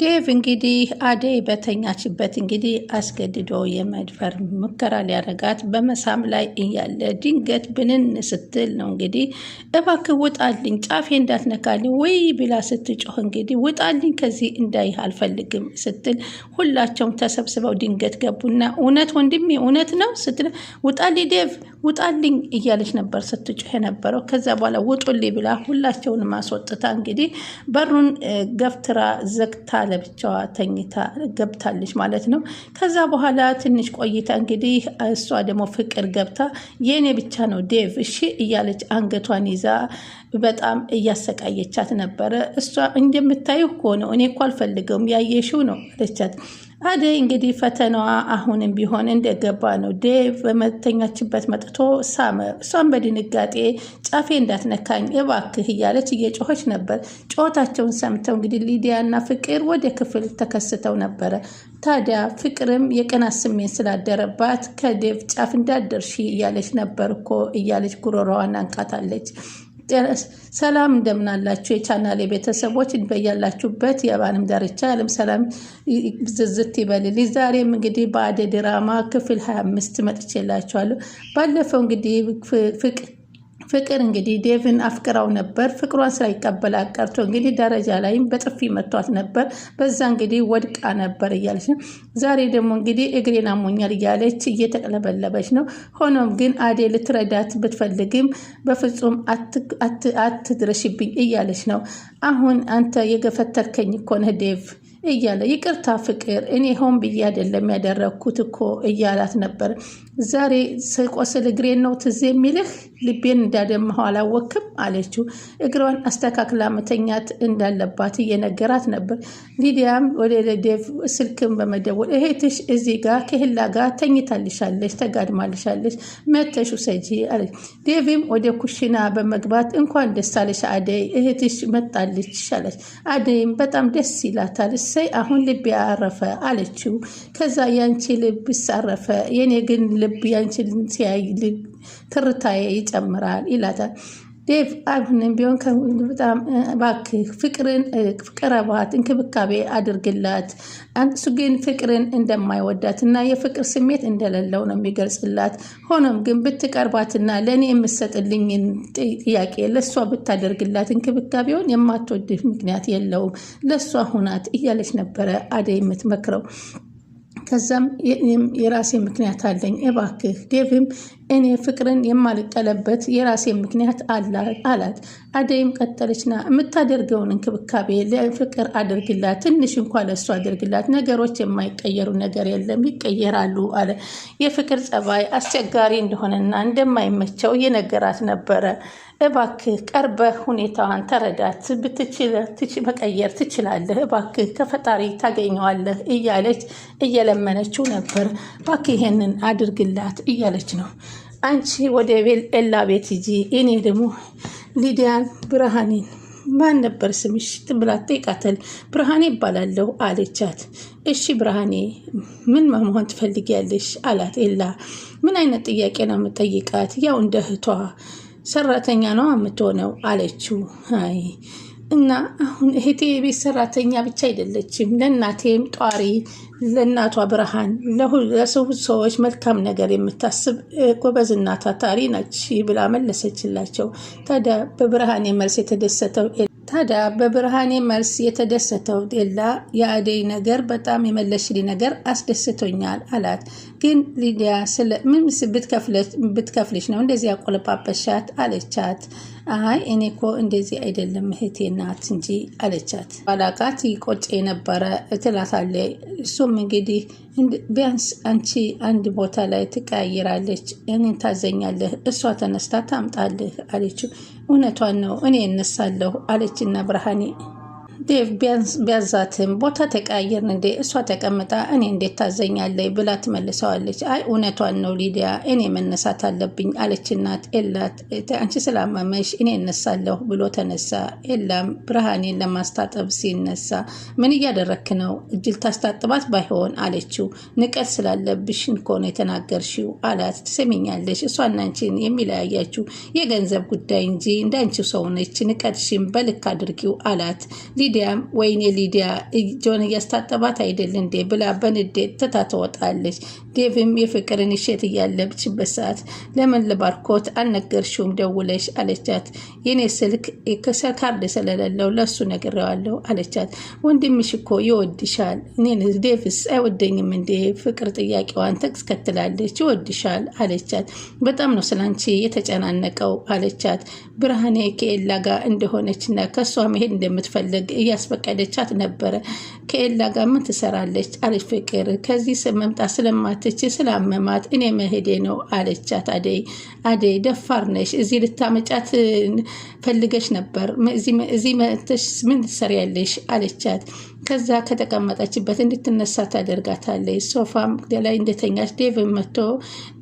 ዴቭ እንግዲህ አደይ በተኛችበት እንግዲህ አስገድዶ የመድፈር ሙከራ ሊያረጋት በመሳም ላይ እያለ ድንገት ብንን ስትል ነው እንግዲህ እባክህ ውጣልኝ፣ ጫፌ እንዳትነካልኝ ወይ ብላ ስትጮህ እንግዲህ ውጣልኝ፣ ከዚህ እንዳይህ አልፈልግም ስትል ሁላቸውም ተሰብስበው ድንገት ገቡና እውነት ወንድሜ እውነት ነው ስትል ውጣልኝ፣ ዴቭ ውጣልኝ እያለች ነበር ስትጮህ የነበረው። ከዛ በኋላ ውጡልኝ ብላ ሁላቸውን ማስወጥታ እንግዲህ በሩን ገፍትራ ዘግታ ለብቻዋ ተኝታ ገብታለች ማለት ነው። ከዛ በኋላ ትንሽ ቆይታ እንግዲህ እሷ ደግሞ ፍቅር ገብታ የእኔ ብቻ ነው ዴቭ እሺ እያለች አንገቷን ይዛ በጣም እያሰቃየቻት ነበረ። እሷ እንደምታየው ከሆነ እኔ እኮ አልፈልገውም ያየሽው ነው አለቻት። አደይ እንግዲህ ፈተናዋ አሁንም ቢሆን እንደገባ ነው። ዴቭ በመተኛችበት መጥቶ ሳመ። እሷን በድንጋጤ ጫፌ እንዳትነካኝ እባክህ እያለች እየጮኸች ነበር። ጮኸታቸውን ሰምተው እንግዲህ ሊዲያና ፍቅር ወደ ክፍል ተከስተው ነበረ። ታዲያ ፍቅርም የቅናት ስሜት ስላደረባት ከዴቭ ጫፍ እንዳደርሺ እያለች ነበር እኮ እያለች ጉሮሮዋን አንቃታለች። ሰላም እንደምን አላችሁ የቻናሌ ቤተሰቦች፣ በያላችሁበት የባንም ዳርቻ ዓለም ሰላም ዝዝት ይበልል። ዛሬም እንግዲህ በአደይ ድራማ ክፍል 25 መጥቼላችኋለሁ። ባለፈው እንግዲህ ፍቅ ፍቅር እንግዲህ ዴቭን አፍቅራው ነበር። ፍቅሯን ሳይቀበላት አቀርቶ እንግዲህ ደረጃ ላይም በጥፊ መቷት ነበር። በዛ እንግዲህ ወድቃ ነበር እያለች ነው። ዛሬ ደግሞ እንግዲህ እግሬን አሞኛል እያለች እየተቅለበለበች ነው። ሆኖም ግን አዴ ልትረዳት ብትፈልግም በፍጹም አትድረሽብኝ እያለች ነው። አሁን አንተ የገፈተርከኝ እኮ ነህ ዴቭ እያለ ይቅርታ ፍቅር፣ እኔ ሆን ብዬ አይደለም ያደረግኩት እኮ እያላት ነበር። ዛሬ ስቆስል እግሬን ነው ትዝ የሚልህ ልቤን እንዳደማሁ አላወክም አለችው። እግሯን አስተካክላ መተኛት እንዳለባት እየነገራት ነበር። ሊዲያም ወደ ዴቭ ስልክን በመደወል እህትሽ እዚህ ጋር ከህላ ጋር ተኝታልሻለች፣ ተጋድማልሻለች፣ መተሽ ውሰጂ አለች። ዴቪም ወደ ኩሽና በመግባት እንኳን ደስ አለሽ አደይ፣ እህትሽ መጣልች አለች። አደይም በጣም ደስ ይላታል እሰይ አሁን ልብ ያረፈ አለችው። ከዛ ያንቺ ልብስ አረፈ፣ የኔ ግን ልብ ያንቺ ሲያይ ትርታዬ ይጨምራል ይላታል። ዴቭ አሁንም ቢሆን በጣም እባክህ ፍቅርን ቅረባት፣ እንክብካቤ አድርግላት። እሱ ግን ፍቅርን እንደማይወዳት እና የፍቅር ስሜት እንደሌለው ነው የሚገልጽላት። ሆኖም ግን ብትቀርባትና ለእኔ የምሰጥልኝን ጥያቄ ለእሷ ብታደርግላት እንክብካቤውን የማትወድህ ምክንያት የለውም ለእሷ ሁናት እያለች ነበረ አደይ የምትመክረው። ከዛም የራሴ ምክንያት አለኝ እባክህ ዴቭም እኔ ፍቅርን የማልቀለበት የራሴ ምክንያት አላት። አደይም ቀጠለችና የምታደርገውን እንክብካቤ ለፍቅር አድርግላት፣ ትንሽ እንኳ ለሱ አድርግላት። ነገሮች የማይቀየሩ ነገር የለም ይቀየራሉ አለ። የፍቅር ጸባይ አስቸጋሪ እንደሆነና እንደማይመቸው እየነገራት ነበረ። እባክህ ቀርበህ ሁኔታዋን ተረዳት፣ መቀየር ትችላለህ፣ እባክህ ከፈጣሪ ታገኘዋለህ እያለች እየለመነችው ነበር። እባክህ ይሄንን አድርግላት እያለች ነው። አንቺ ወደ ኤላ ቤት ሂጂ፣ እኔ ደግሞ ሊዲያን ብርሃኔን ማን ነበር ስምሽ ትብላት ጠይቃተል። ብርሃኔ ይባላለሁ አለቻት። እሺ ብርሃኔ ምን መሆን ትፈልጊያለሽ? አላት ኤላ። ምን አይነት ጥያቄ ነው የምጠይቃት? ያው እንደ እህቷ ሰራተኛ ነው የምትሆነው አለችው። አይ እና አሁን እህቴ የቤት ሰራተኛ ብቻ አይደለችም፣ ለእናቴም ጧሪ፣ ለእናቷ ብርሃን፣ ለሰው ሰዎች መልካም ነገር የምታስብ ጎበዝና ታታሪ ነች ብላ መለሰችላቸው። ታዲያ በብርሃን የመልስ የተደሰተው ታዲያ በብርሃኔ መልስ የተደሰተው ዴላ የአደይ ነገር በጣም የመለሽሊ ነገር አስደስቶኛል አላት። ግን ሊዲያ ስለ ምን ብትከፍልሽ ነው እንደዚህ ያቆለጳጰሻት አለቻት። አይ እኔ እኮ እንደዚህ አይደለም እህቴ ናት እንጂ አለቻት። ባላቃት ቆጭ የነበረ ትላታለ። እሱም እንግዲህ ቢያንስ አንቺ አንድ ቦታ ላይ ትቀያይራለች፣ እኔን ታዘኛለህ፣ እሷ ተነስታ ታምጣልህ አለችው። እውነቷን ነው እኔ እነሳለሁ አለችና ብርሃኔ ዴቭ ቢያዛትም ቦታ ተቀያየርን እንዴ? እሷ ተቀምጣ እኔ እንዴት ታዘኛለይ? ብላ ትመልሰዋለች። አይ እውነቷን ነው ሊዲያ፣ እኔ መነሳት አለብኝ አለችናት። ኤላት አንቺ ስላመመሽ እኔ እነሳለሁ ብሎ ተነሳ። ኤላም ብርሃኔን ለማስታጠብ ሲነሳ ምን እያደረክ ነው? እጅል ታስታጥባት ባይሆን አለችው። ንቀት ስላለብሽ እኮ ነው የተናገርሽው አላት። ትሰሚኛለሽ፣ እሷና አንቺን የገንዘብ ጉዳይ እንጂ እንዳንቺው ሰውነች። ንቀትሽን በልክ አድርጊው አላት። ሊዲያም ወይኔ ሊዲያ ጆን እያስታጠባት አይደል እንዴ ብላ በንዴት ትታ ትወጣለች። ዴቭም የፍቅርን እሸት እያለብችበት ሰዓት ለምን ለባርኮት አልነገርሽውም ደውለሽ አለቻት። የኔ ስልክ ካርድ ስለሌለው ለሱ ነግሬዋለሁ አለቻት። ወንድምሽ እኮ ይወድሻል። እኔን ዴቭስ አይወደኝም እንዴ? ፍቅር ጥያቄዋን ተስከትላለች። ይወድሻል አለቻት። በጣም ነው ስላንቺ የተጨናነቀው አለቻት። ብርሃኔ ከኤላ ጋር እንደሆነች እና ከእሷ መሄድ እንደምትፈልግ እያስፈቀደቻት ነበረ። ከኤላ ጋር ምን ትሰራለች? አለች ፍቅር። ከዚህ መምጣት ስለማትች ስላመማት እኔ መሄዴ ነው አለቻት አደይ። አደይ ደፋር ነሽ፣ እዚህ ልታመጫት ፈልገሽ ነበር፣ እዚህ መተሽ ምን ትሰሪያለሽ? አለቻት። ከዛ ከተቀመጠችበት እንድትነሳ ታደርጋታለች። ሶፋም ላይ እንደተኛች ዴቭ መጥቶ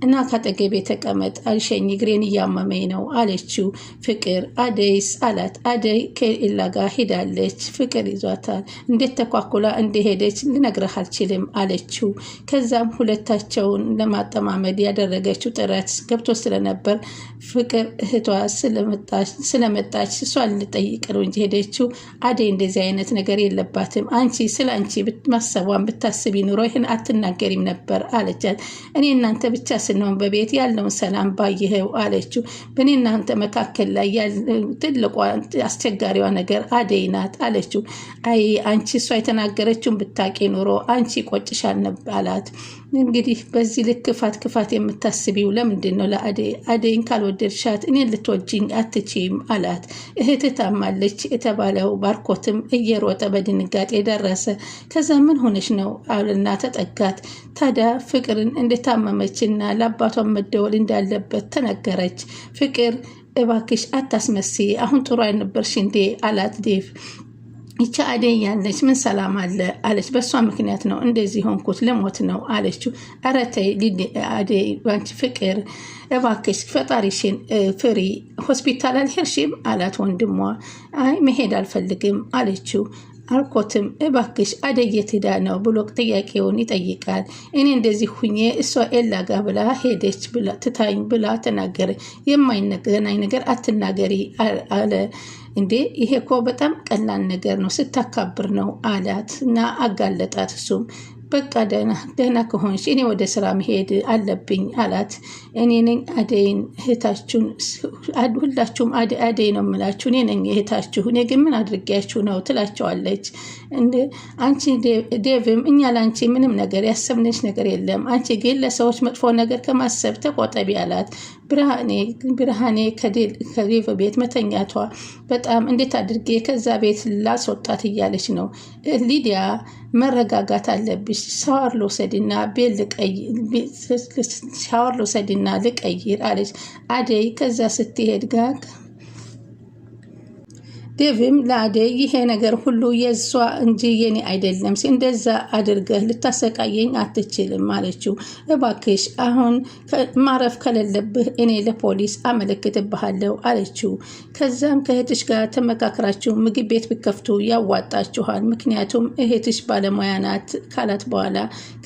እና ካጠገቤ ተቀመጥ አልሸኝ፣ እግሬን እያመመኝ ነው አለችው ፍቅር። አደይስ አላት። አደይ ከኤላ ጋር ሄዳለች። ፍቅር ይዟታል። እንዴት ተኳኩ ቸኩላ እንደሄደች ልነግረህ አልችልም አለችው። ከዛም ሁለታቸውን ለማጠማመድ ያደረገችው ጥረት ገብቶ ስለነበር ፍቅር እህቷ ስለመጣች እሷን ልጠይቅ ነው እንጂ ሄደችው። አደይ እንደዚህ አይነት ነገር የለባትም። አንቺ ስለ አንቺ ማሰቧን ብታስቢ ኑሮ ይህን አትናገሪም ነበር አለቻት። እኔ እናንተ ብቻ ስንሆን በቤት ያለውን ሰላም ባይኸው አለችው። በእኔ እናንተ መካከል ላይ ትልቋ አስቸጋሪዋ ነገር አደይ ናት አለችው። አይ አንቺ እሷ የተና የተናገረችውን ብታቂ ኑሮ አንቺ ቆጭሻል ነባላት። እንግዲህ በዚህ ልክ ክፋት ክፋት የምታስቢው ለምንድን ነው? ለአደይ አደይን ካልወደድሻት እኔን ልትወጅኝ አትችም አላት። እህት ታማለች የተባለው ባርኮትም እየሮጠ በድንጋጤ ደረሰ። ከዛ ምን ሆነች ነው አልና ተጠጋት። ታዲያ ፍቅርን እንደታመመችና ለአባቷን መደወል እንዳለበት ተነገረች። ፍቅር እባክሽ አታስመሲ፣ አሁን ጥሩ አይነበርሽ እንዴ አላት ዴቭ ይቺ አደይ ያለች ምን ሰላም አለ አለች። በእሷ ምክንያት ነው እንደዚህ ሆንኩት ልሞት ነው አለችው። ኧረ ተይ አደይ ባንቺ ፍቅር እባክሽ ፈጣሪሽን ፍሪ። ሆስፒታል አልሄድሽም አላት ወንድሟ። አይ መሄድ አልፈልግም አለችው። አልኮትም እባክሽ አደይ የት ሄዳ ነው ብሎ ጥያቄውን ይጠይቃል። እኔ እንደዚህ ሁኜ እሷ ኤላ ጋ ብላ ሄደች ትታኝ ብላ ተናገረ። የማይገናኝ ነገር አትናገሪ አለ። እንዴ ይሄ እኮ በጣም ቀላል ነገር ነው፣ ስታካብር ነው አላት እና አጋለጣት። እሱም በቃ ደህና ደህና ከሆንሽ እኔ ወደ ስራ መሄድ አለብኝ አላት። እኔ ነኝ አደይን እህታችሁን፣ ሁላችሁም አደይ ነው የምላችሁ እኔ ነኝ እህታችሁ፣ እኔ ግን ምን አድርጊያችሁ ነው ትላቸዋለች። አንቺ ዴቭም እኛ ለአንቺ ምንም ነገር ያሰብነች ነገር የለም አንቺ ግን ለሰዎች መጥፎ ነገር ከማሰብ ተቆጠቢ አላት። ብርሃኔ ብርሃኔ ከዴቭ ቤት መተኛቷ በጣም እንዴት አድርጌ ከዛ ቤት ላስወጣት እያለች ነው። ሊዲያ መረጋጋት አለብሽ። ሻወር ልውሰድና ሻወር ልውሰድና ልቀይር አለች አደይ ከዛ ስትሄድ ጋር ዴቭም ለአደይ ይሄ ነገር ሁሉ የእሷ እንጂ የኔ አይደለም፣ እንደዛ አድርገህ ልታሰቃየኝ አትችልም አለችው። እባክሽ አሁን ማረፍ ከሌለብህ እኔ ለፖሊስ አመለክትብሃለሁ አለችው። ከዛም ከእህትሽ ጋር ተመካክራችሁ ምግብ ቤት ብከፍቱ ያዋጣችኋል፣ ምክንያቱም እህትሽ ባለሙያ ናት ካላት በኋላ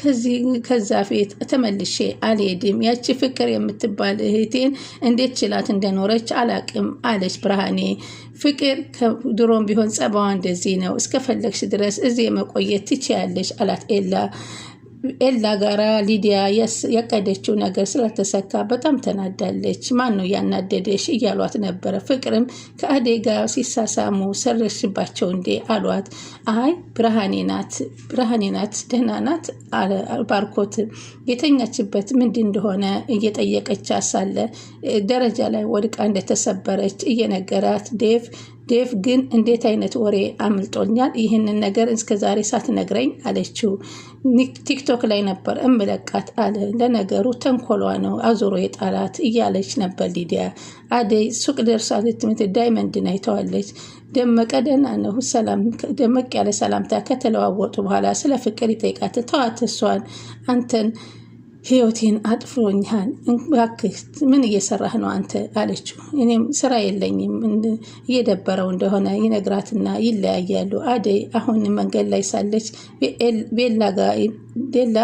ከዚህ ከዛ ፊት ተመልሼ አልሄድም፣ ያቺ ፍቅር የምትባል እህቴን እንዴት ችላት እንደኖረች አላቅም አለች ብርሃኔ ፍቅር ከድሮም ቢሆን ጸባዋ እንደዚህ ነው፣ እስከፈለግሽ ድረስ እዚህ የመቆየት ትችያለሽ አላት ኤላ ኤላ ጋራ ሊዲያ ያቀደችው ነገር ስለተሰካ በጣም ተናዳለች። ማን ነው ያናደደሽ እያሏት ነበረ። ፍቅርም ከአዴጋ ጋር ሲሳሳሙ ሰረሽባቸው እንዴ አሏት። አይ ብርሃኔ ናት ብርሃኔ ናት ደህና ናት ባርኮት የተኛችበት ምንድን እንደሆነ እየጠየቀች ሳለ ደረጃ ላይ ወድቃ እንደተሰበረች እየነገራት ዴቭ ዴቭ ግን እንዴት አይነት ወሬ አምልጦኛል፣ ይህንን ነገር እስከ ዛሬ ሳትነግረኝ አለችው። ቲክቶክ ላይ ነበር እምለቃት አለ። ለነገሩ ተንኮሏ ነው አዙሮ የጣላት እያለች ነበር ሊዲያ። አደይ ሱቅ ደርሳ ልትምት ዳይመንድን አይተዋለች። ደመቀ ደህና ነው። ደመቅ ያለ ሰላምታ ከተለዋወጡ በኋላ ስለ ፍቅር ይጠይቃት ተዋት እሷን አንተን ህይወቴን አጥፍሮኛል፣ እባክህ ምን እየሰራህ ነው አንተ አለችው። እኔም ስራ የለኝም እየደበረው እንደሆነ ይነግራትና ይለያያሉ። አደይ አሁን መንገድ ላይ ሳለች ቤላ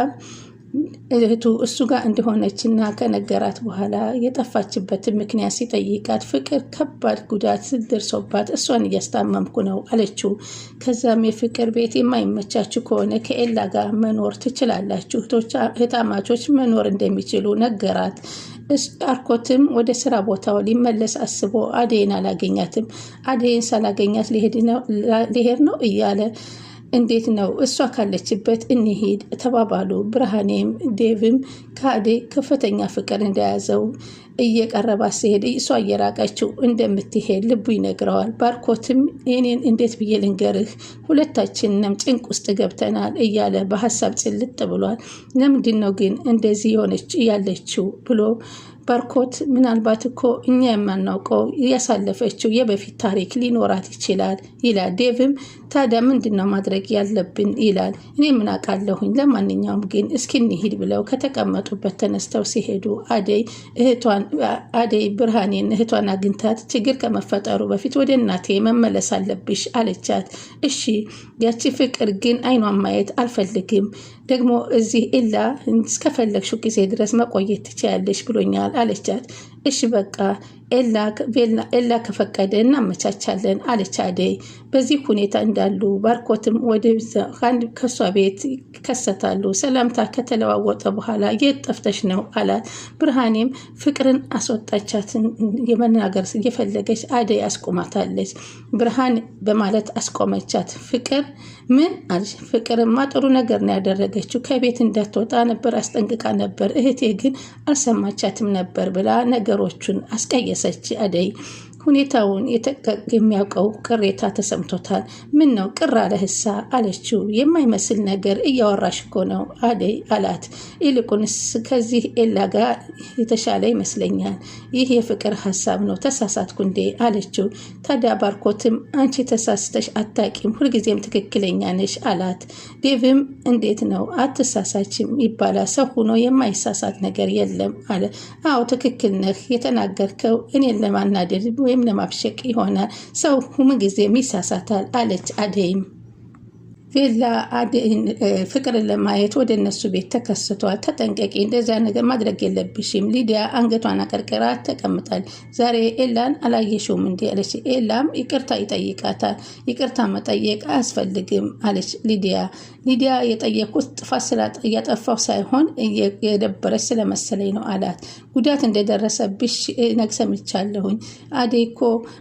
እህቱ እሱ ጋር እንደሆነች እና ከነገራት በኋላ የጠፋችበትን ምክንያት ሲጠይቃት ፍቅር ከባድ ጉዳት ደርሶባት እሷን እያስታመምኩ ነው አለችው። ከዛም የፍቅር ቤት የማይመቻችሁ ከሆነ ከኤላ ጋር መኖር ትችላላችሁ፣ እህታማቾች መኖር እንደሚችሉ ነገራት። አርኮትም ወደ ስራ ቦታው ሊመለስ አስቦ አደይን አላገኛትም። አደይን ሳላገኛት ሊሄድ ነው እያለ እንዴት ነው እሷ ካለችበት እኒሄድ ተባባሉ። ብርሃኔም ዴቭም ከአዴ ከፍተኛ ፍቅር እንደያዘው እየቀረባት ሲሄድ እሷ እየራቀችው እንደምትሄድ ልቡ ይነግረዋል። ባርኮትም እኔን እንዴት ብዬ ልንገርህ ሁለታችንም ጭንቅ ውስጥ ገብተናል እያለ በሀሳብ ጭልጥ ብሏል። ለምንድን ነው ግን እንደዚህ የሆነች ያለችው ብሎ ባርኮት ምናልባት እኮ እኛ የማናውቀው ያሳለፈችው የበፊት ታሪክ ሊኖራት ይችላል ይላል። ዴቭም ታዲያ ምንድነው ማድረግ ያለብን ይላል። እኔ ምን አውቃለሁኝ፣ ለማንኛውም ግን እስኪ እንሂድ ብለው ከተቀመጡበት ተነስተው ሲሄዱ አደይ እህቷን አደይ ብርሃኔን እህቷን አግኝታት ችግር ከመፈጠሩ በፊት ወደ እናቴ መመለስ አለብሽ አለቻት። እሺ ያቺ ፍቅር ግን አይኗን ማየት አልፈልግም ደግሞ እዚህ ኢላ እስከፈለግሽው ጊዜ ድረስ መቆየት ትችያለሽ ብሎኛል አለቻት። እሺ በቃ ኤላ ከፈቀደ እናመቻቻለን አለች አደይ። በዚህ ሁኔታ እንዳሉ ባርኮትም ወደ አንድ ከእሷ ቤት ይከሰታሉ። ሰላምታ ከተለዋወጠ በኋላ የት ጠፍተሽ ነው አላት። ብርሃኔም ፍቅርን አስወጣቻትን የመናገር እየፈለገች አደይ አስቆማታለች። ብርሃን በማለት አስቆመቻት። ፍቅር ምን አለች። ፍቅርማ ጥሩ ነገር ነው ያደረገችው። ከቤት እንዳትወጣ ነበር አስጠንቅቃ ነበር፣ እህቴ ግን አልሰማቻትም ነበር ብላ ነገሮቹን አስቀየ ya saci adai ሁኔታውን የሚያውቀው ቅሬታ ተሰምቶታል። ምን ነው ቅር አለህሳ? አለችው። የማይመስል ነገር እያወራሽ እኮ ነው አለይ አላት። ይልቁንስ ከዚህ ኤላ ጋር የተሻለ ይመስለኛል። ይህ የፍቅር ሀሳብ ነው ተሳሳትኩ እንዴ? አለችው። ታዲያ ባርኮትም አንቺ ተሳስተሽ አታቂም፣ ሁልጊዜም ትክክለኛ ነሽ አላት። ዴቭም እንዴት ነው አትሳሳችም ይባላል። ሰው ሆኖ የማይሳሳት ነገር የለም አለ። አዎ ትክክል ነህ፣ የተናገርከው እኔን ለማናደድ ወይም ለማብሸቅ ይሆናል። ሰው ጊዜ ይሳሳታል አለች አደይም ቬላ ፍቅርን ለማየት ወደ እነሱ ቤት ተከስቷል። ተጠንቀቂ፣ እንደዚያ ነገር ማድረግ የለብሽም። ሊዲያ አንገቷን አቀርቅራ ተቀምጣል። ዛሬ ኤላን አላየሽውም እንዲ አለች። ኤላም ይቅርታ ይጠይቃታል። ይቅርታ መጠየቅ አያስፈልግም አለች ሊዲያ ሊዲያ የጠየኩት ጥፋት እያጠፋሁ ሳይሆን የደበረች ስለመሰለኝ ነው አላት። ጉዳት እንደደረሰብሽ ነግ ሰምቻለሁኝ። አዴ እኮ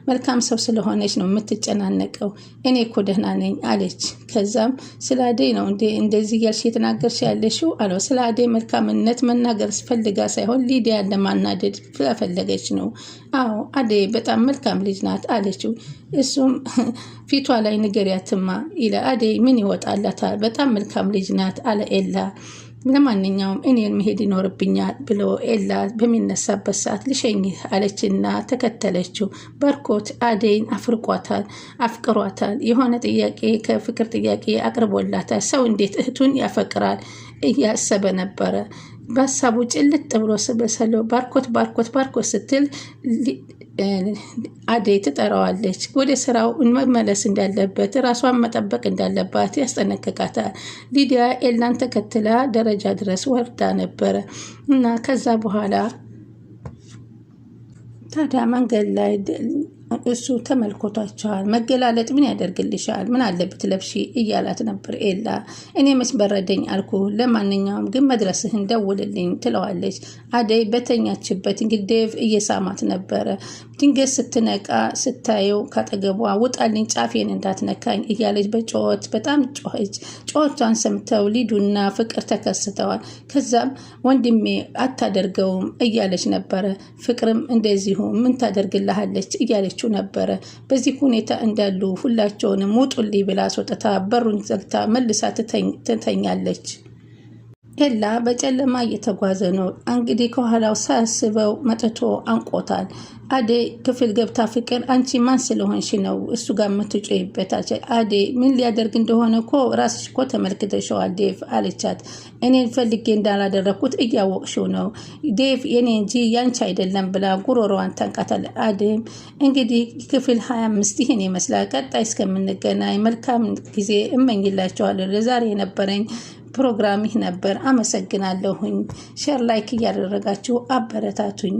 መልካም ሰው ስለሆነች ነው የምትጨናነቀው። እኔ እኮ ደህና ነኝ አለች። ከዛም ስለ አዴ ነው እንደዚህ እያልሽ የተናገርሽ ያለሽው አለው። ስለ አዴ መልካምነት መናገር ፈልጋ ሳይሆን ሊዲያን ለማናደድ ስለፈለገች ነው አዎ አደይ በጣም መልካም ልጅ ናት አለችው። እሱም ፊቷ ላይ ንገሪያትማ ይለ አደይ ምን ይወጣላታል? በጣም መልካም ልጅ ናት አለ ኤላ። ለማንኛውም እኔን መሄድ ይኖርብኛል ብሎ ኤላ በሚነሳበት ሰዓት ልሸኝህ አለችና ተከተለችው። በርኮት አደይን አፍርቋታል፣ አፍቅሯታል። የሆነ ጥያቄ ከፍቅር ጥያቄ አቅርቦላታል። ሰው እንዴት እህቱን ያፈቅራል እያሰበ ነበረ። በሀሳቡ ጭልጥ ብሎ ስበሰለ ባርኮት ባርኮት ባርኮት ስትል አደይ ትጠራዋለች። ወደ ስራው መመለስ እንዳለበት ራሷን መጠበቅ እንዳለባት ያስጠነቅቃታል። ሊዲያ ኤላን ተከትላ ደረጃ ድረስ ወርዳ ነበረ እና ከዛ በኋላ ታዲያ መንገድ ላይ እሱ ተመልኮቷቸዋል። መገላለጥ ምን ያደርግልሻል? ምን አለብት ለብሺ እያላት ነበር ኤላ። እኔ መች በረደኝ አልኩ። ለማንኛውም ግን መድረስህን ደውልልኝ ትለዋለች። አደይ በተኛችበት እንግዲህ ዴቭ እየሳማት ነበረ። ድንገት ስትነቃ ስታየው ካጠገቧ ውጣልኝ፣ ጫፌን እንዳትነካኝ እያለች በጩኸት በጣም ጮኸች። ጩኸቷን ሰምተው ሊዱና ፍቅር ተከስተዋል። ከዛም ወንድሜ አታደርገውም እያለች ነበረ። ፍቅርም እንደዚሁ ምን ታደርግልሃለች እያለች እያለችው ነበረ። በዚህ ሁኔታ እንዳሉ ሁላቸውንም ውጡልኝ ብላ አስወጥታ በሩን ዘግታ መልሳ ትተኛለች። ኤላ በጨለማ እየተጓዘ ነው። እንግዲህ ከኋላው ሳያስበው መጥቶ አንቆታል። አዴ ክፍል ገብታ ፍቅር አንቺ ማን ስለሆንሽ ነው እሱ ጋር የምትጮይበት? አዴ ምን ሊያደርግ እንደሆነ እኮ ራስሽ እኮ ተመልክተሸዋል ዴቭ አለቻት። እኔን ፈልጌ እንዳላደረግኩት እያወቅሽው ነው ዴቭ የኔ እንጂ ያንቺ አይደለም ብላ ጉሮሮዋን ተንቃታል። አዴም እንግዲህ ክፍል 25 ይህን ይመስላል። ቀጣይ እስከምንገናኝ መልካም ጊዜ እመኝላችኋለሁ። ለዛሬ የነበረኝ ፕሮግራም ይህ ነበር። አመሰግናለሁኝ። ሼር ላይክ እያደረጋችሁ አበረታቱኝ።